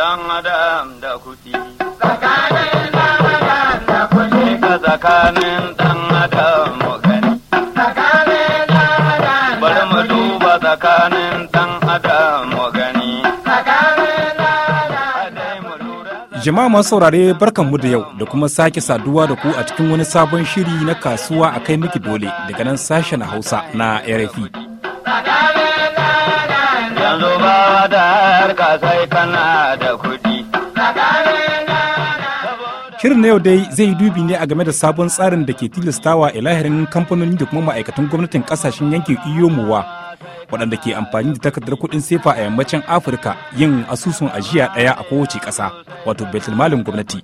dan adam da kuɗi. Tsakanin dan adam da Ka tsakanin adam mu gani. Tsakanin adam da Bari mu duba tsakanin adam mu gani. Jama'a masu saurare barkanmu da yau da kuma sake saduwa da ku a cikin wani sabon shiri na kasuwa a kai miki dole daga nan sashen Hausa na RFI. yanzu ba da harka sai kana da kuɗi. Shirin na yau dai zai yi dubi ne a game da sabon tsarin da ke tilastawa lahirin kamfanoni da kuma ma'aikatan gwamnatin kasashen yankin iyomowa waɗanda ke amfani da takardar kuɗin sefa a yammacin afirka yin asusun ajiya ɗaya a kowace ƙasa wato betulmalin gwamnati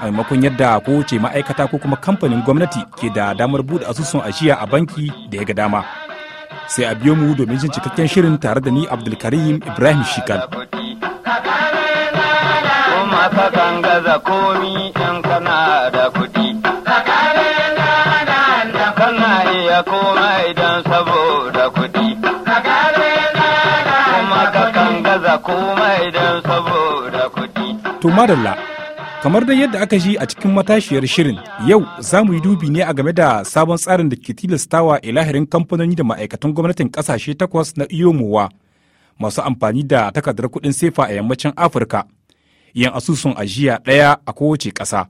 a maimakon yadda kowace ma'aikata ko kuma kamfanin gwamnati ke da damar buɗe asusun ajiya a banki da ya ga dama sai a biyo mu domin jin shirin tare da ni abdulkarim ibrahim shikal kuma ka gaza komi in kana da kuɗi kana iya komai don saboda kuɗi kuma ka gaza komai don saboda kuɗi to madalla kamar da yadda aka ji a cikin matashiyar shirin yau za mu yi dubi ne a game da sabon tsarin da ke tilastawa ilahirin kamfanoni da ma'aikatan gwamnatin kasashe takwas na iyo iyomowa masu amfani da takardar kuɗin sefa a yammacin afirka yin asusun ajiya ɗaya a kowace ƙasa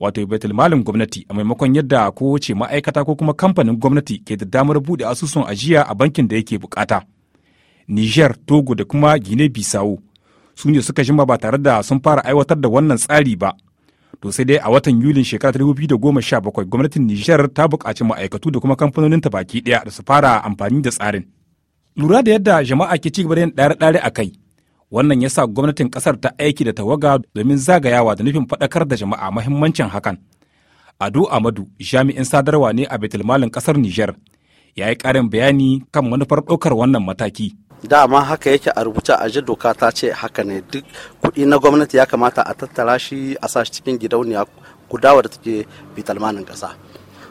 wato baitul malin gwamnati a maimakon yadda kowace ma'aikata ko kuma kamfanin gwamnati ke da damar buɗe asusun ajiya a bankin da yake buƙata niger togo da kuma gine bisawo su ne suka shima ba tare da sun fara aiwatar da wannan tsari ba to sai dai a watan yulin shekarar bakwai gwamnatin nijar ta buƙaci ma'aikatu da kuma kamfanonin ta baki ɗaya da su fara amfani da tsarin lura da yadda jama'a ke ci gaba da yin ɗare-ɗare a kai wannan yasa gwamnatin ƙasar ta aiki da tawaga domin zagayawa da nufin faɗakar da jama'a mahimmancin hakan ado amadu jami'in sadarwa ne a betulmalin ƙasar nijar ya yi ƙarin bayani kan manufar ɗaukar wannan mataki dama haka yake a rubuce a ji doka ta ce haka ne duk kuɗi na gwamnati ya kamata a tattara shi a sa shi cikin gidauniya gudawa da take bitalmanin ƙasa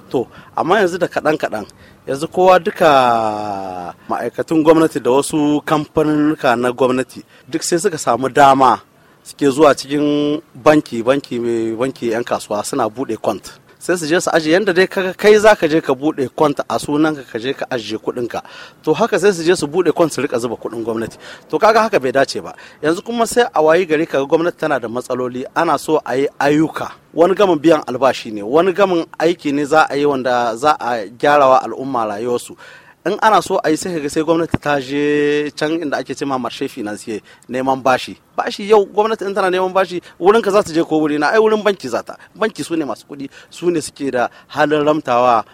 to amma yanzu da kaɗan kaɗan yanzu kowa duka ma'aikatan gwamnati da wasu kamfanunuka na gwamnati duk sai suka samu dama suke zuwa cikin banki banki mai banki 'yan kasuwa suna buɗe kwant sai su je su ajiye yadda dai kai za ka je ka bude kwanta a sunan ka ka je ka ajiye kuɗinka to haka sai su je su bude kwanta su rika zuba kuɗin gwamnati to kaga haka bai dace ba yanzu kuma sai a wayi gari kaga gwamnati tana da matsaloli ana so a yi ayyuka wani gamin biyan albashi ne wani gamin aiki ne za a yi wanda za a gyarawa al'umma rayuwarsu in ana so a yi sai ga sai gwamnati ta je can inda ake cema marshe financier neman bashi bashi yau gwamnati in tana neman bashi wurin ka za ta je ko wuri na ai wurin banki za ta banki su ne masu kuɗi su ne suke da halin ramtawa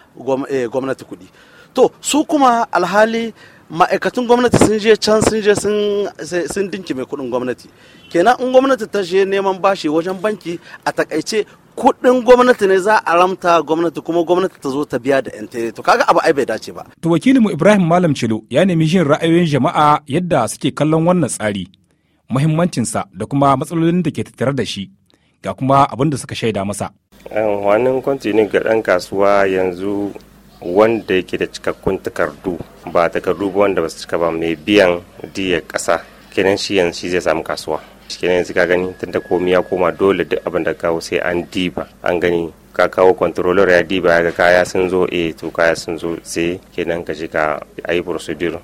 eh, gwamnati kuɗi to su kuma alhali ma'aikatan gwamnati sun je can sun je sun dinki mai kudin gwamnati kenan in gwamnati ta je neman bashi wajen banki a takaice kuɗin gwamnati ne za a ramta gwamnati kuma gwamnati ta zo ta biya da yan to kaga abu ai bai dace ba to wakilinmu ibrahim malam celo ya nemi jin ra'ayoyin jama'a yadda suke kallon wannan tsari muhimmancinsa da kuma matsalolin da ke tattare da shi ga kuma abin da suka shaida masa wannan ne ga ɗan kasuwa yanzu wanda yake da cikakkun takardu ba takardu ba wanda ba su cika ba mai biyan diyar kasa kenan shi yanzu shi zai samu kasuwa shikenan yanzu ka gani tunda komi ya koma dole duk abin da kawo sai an diba an gani ka kawo controller ya diba ga kaya sun zo eh to kaya sun zo sai kenan ka shiga ayi procedure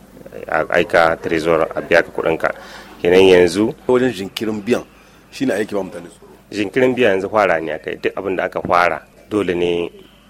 a aika trezor a biya ka kudin ka kenan yanzu wajen jinkirin biyan shine aiki ba mutane jinkirin biya yanzu fara ne akai duk abin da aka fara dole ne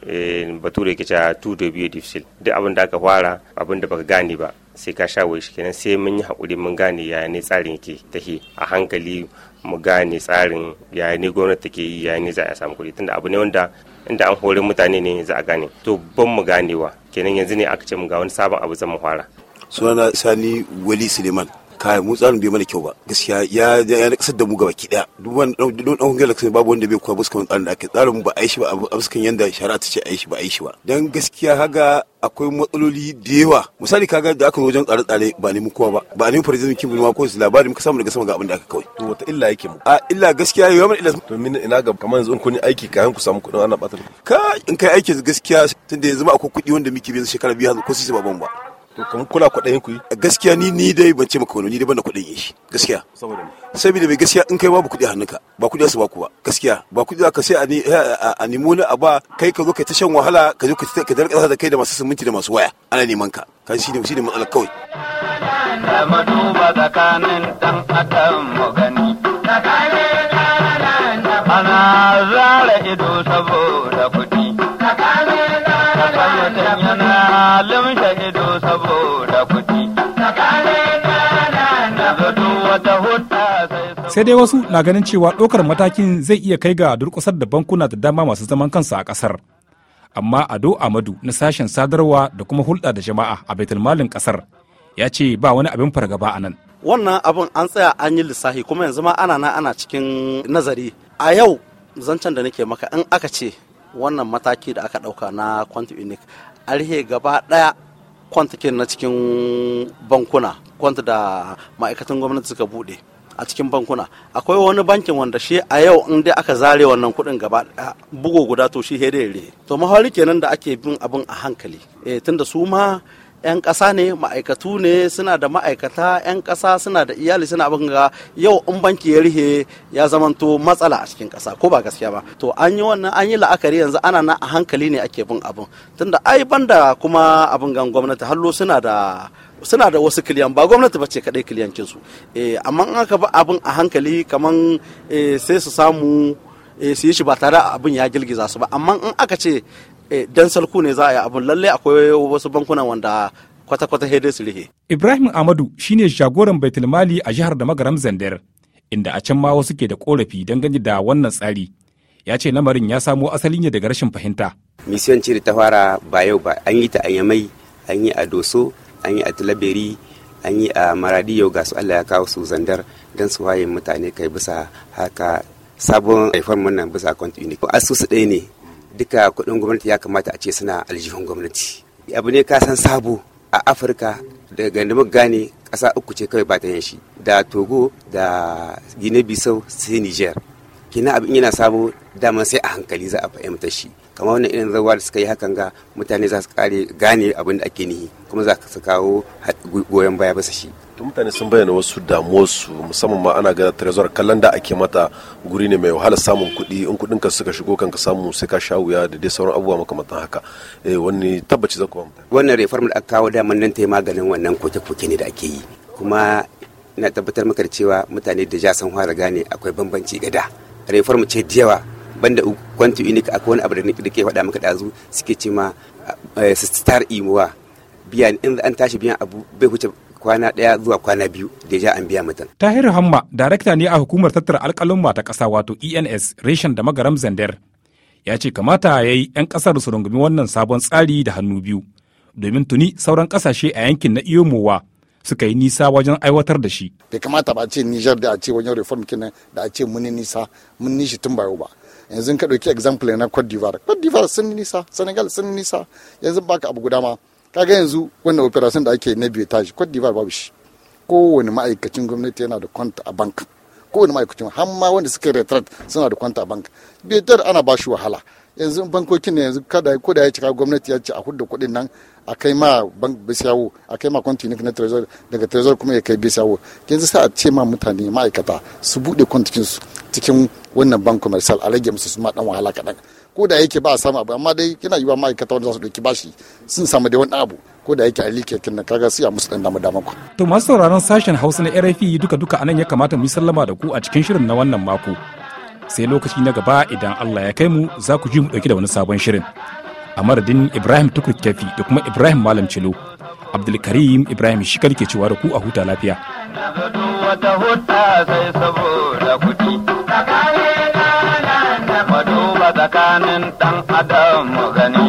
eh, bature ke cewa 2 da 2 difficile duk abin da aka fara abin da baka gane ba sai ka sha wai kenan sai mun yi hakuri mun gane ya ne tsarin yake tahi a hankali mu gane tsarin ya ne gwamnati take yi ya ne za a samu kuɗi tunda abu ne wanda inda an horin mutane ne za a gane to ban mu ganewa kenan yanzu ne aka ce mu ga wani sabon abu zan mu fara sunana sani wali suleiman kayan mu tsarin bai mana kyau ba gaskiya ya ya kasar da mu gaba ki daya duk wani don don gela kasan babu wanda bai kuwa buskan tsarin da ake tsarin mu ba a yi shi ba a buskan yanda shari'a ta ce a yi shi ba a yi shi ba dan gaskiya haga akwai matsaloli da yawa misali kaga da aka wajen tsare-tsare ba nemi kowa ba ba nemi farizin kin bilma ko labari muka samu daga sama ga abin da aka kawai to wata illa yake mu a illa gaskiya yau mun illa to min ina ga kamar yanzu in kun aiki kayan ku samu kuɗin ana ɓata ka in kai aiki gaskiya tunda yanzu ba akwai kuɗi wanda muke bin shekara biyu ko su ba ban ba kamar kula kuɗin ku gaskiya ni ni dai ban ce maka wani ni dai ban da kuɗin shi gaskiya saboda saboda mai gaskiya in kai babu kuɗi a hannunka ba kuɗi su baku ba gaskiya ba kuɗi ka sai a eh, nemi wani a ba kai ka zo kai ta shan wahala ka zo ka dalƙasa da kai da masu siminti da masu waya ana neman ka kan shi ne shi ne matsalar kawai sai dai wasu na ganin cewa ɗaukar matakin zai iya kai ga durƙusar da bankuna da dama masu zaman kansu a ƙasar amma ado amadu na sashen sadarwa da kuma hulɗa da jama'a a baitulmalin ƙasar ya ce ba wani abin fargaba a nan wannan abin an tsaya an yi lissafi kuma yanzu ma ana na ana cikin nazari a yau zancen da nake maka in aka ce wannan mataki da aka ɗauka na unik a rihe gaba ɗaya kwanta na cikin bankuna kwanta da ma'aikatan gwamnati suka buɗe a cikin bankuna akwai wani bankin wanda shi a yau in dai aka zare wannan kuɗin gaba bugu guda to shi hedere to mahawari kenan da ake bin abin a hankali eh, tunda su ma 'yan ƙasa ne ma'aikatu ne suna da ma'aikata 'yan ƙasa suna da iyali suna abin ga yau in banki ya rihe ya zamanto matsala a cikin ƙasa ko ba gaskiya ba to an yi wannan an yi la'akari yanzu ana nan a hankali ne ake bin abin tunda ai banda kuma abin gan gwamnati hallo suna da suna da wasu kiliyan ba gwamnati ba ce kaɗai kiliyancin su eh, amma in aka ba abin a hankali kaman eh, sai su samu eh, su yi shi ba tare abin ya girgiza su ba amma in aka ce Eh, dan salku ne za a yi abun lalle akwai wasu bankuna wanda kwata-kwata hede su rihe. Ibrahim Amadu shi ne jagoran Baitulmali a jihar da magaram Zandar, inda a can ma wasu ke da korafi dangane da wannan tsari. Ya ce lamarin ya samo asali ne daga rashin fahimta. Misiyon ciri ta fara ba yau ba, an yi ta a Yamai, an yi a Doso, an yi a Tulaberi, an yi a Maradi yau ga su Allah ya kawo su Zandar don su waye mutane kai bisa haka sabon haifar wannan bisa kwantuni. Asusu ɗaya ne duka kuɗin gwamnati ya kamata a ce suna aljihun gwamnati abu ne ka san sabo a afirka daga muka gane ƙasa uku ce kawai ba ta yin shi da togo da guinea bissau sai niger kina abin yana sabo daman sai a hankali za a fahimta shi kamar wannan irin zawa da suka yi hakan ga mutane za su kare gane abin da ake nihi kuma za su kawo goyon baya basa shi to mutane sun bayyana wasu damuwarsu musamman ma ana ganin trezor kallon da ake mata guri ne mai wahala samun kuɗi in kuɗin ka suka shigo kanka samu sai ka sha wuya da dai sauran abubuwa makamantan haka eh wani tabbaci za ku ba mutane wannan reform da aka kawo daman nan ta yi maganin wannan koke-koke ne da ake yi kuma ina tabbatar maka da cewa mutane da ja sun fara gane akwai bambanci ga da reform ce da yawa banda kwanti unik a wani abu da ke faɗa maka ɗazu suke ce ma eh, eh, star imuwa biya in an tashi biyan abu bai wuce kwana ɗaya zuwa kwana biyu da ja an biya mutum. Tahir Hamma, darakta ne a hukumar tattara alƙalumma ta ƙasa wato ENS reshen da magaram Zander. Ya ce kamata ya yi 'yan ƙasar su rungumi wannan sabon tsari da hannu biyu, domin tuni sauran ƙasashe a yankin na Iyomowa suka yi nisa wajen aiwatar da shi. Bai kamata ba a ce Nijar da a ce wajen reform kinan da a ce mun nisa mun nishi tun bayo ba. yanzu ka ɗauki example na Cote d'Ivoire Cote d'Ivoire sun nisa Senegal sun nisa yanzu baka abu guda ma kaga yanzu wannan operation da ake na shi Cote d'Ivoire babu shi kowane ma'aikacin gwamnati yana da kwanta a bank kowane ma'aikacin har ma wanda suka retret suna da kwanta a bank biotage ana ba shi wahala yanzu bankokin ne yanzu kada ko da ya cika gwamnati ya ce a hudda kuɗin nan a kai ma bank bisawo a kai ma ne na trezor daga trezor kuma ya kai bisawo yanzu sai a ce ma mutane ma'aikata su buɗe kwantikin su cikin wannan bank commercial a rage musu suma ma dan wahala kaɗan ko da yake ba a samu abu amma dai yana yiwa ma'aikata wanda za su ɗauki bashi sun samu dai wani abu ko da yake a rike kin nan kaga siya musu dan damar dama ku. to masu sauraron sashen hausa na rfi duka duka anan ya kamata mu yi sallama da ku a cikin shirin na wannan mako sai lokaci na gaba idan allah ya kai mu za ku ji mu ɗauki da wani sabon shirin a madadin ibrahim tukur kefi da kuma ibrahim malam cilo abdulkarim ibrahim shikar ke cewa da ku a huta lafiya. tsakanin ɗan adam gani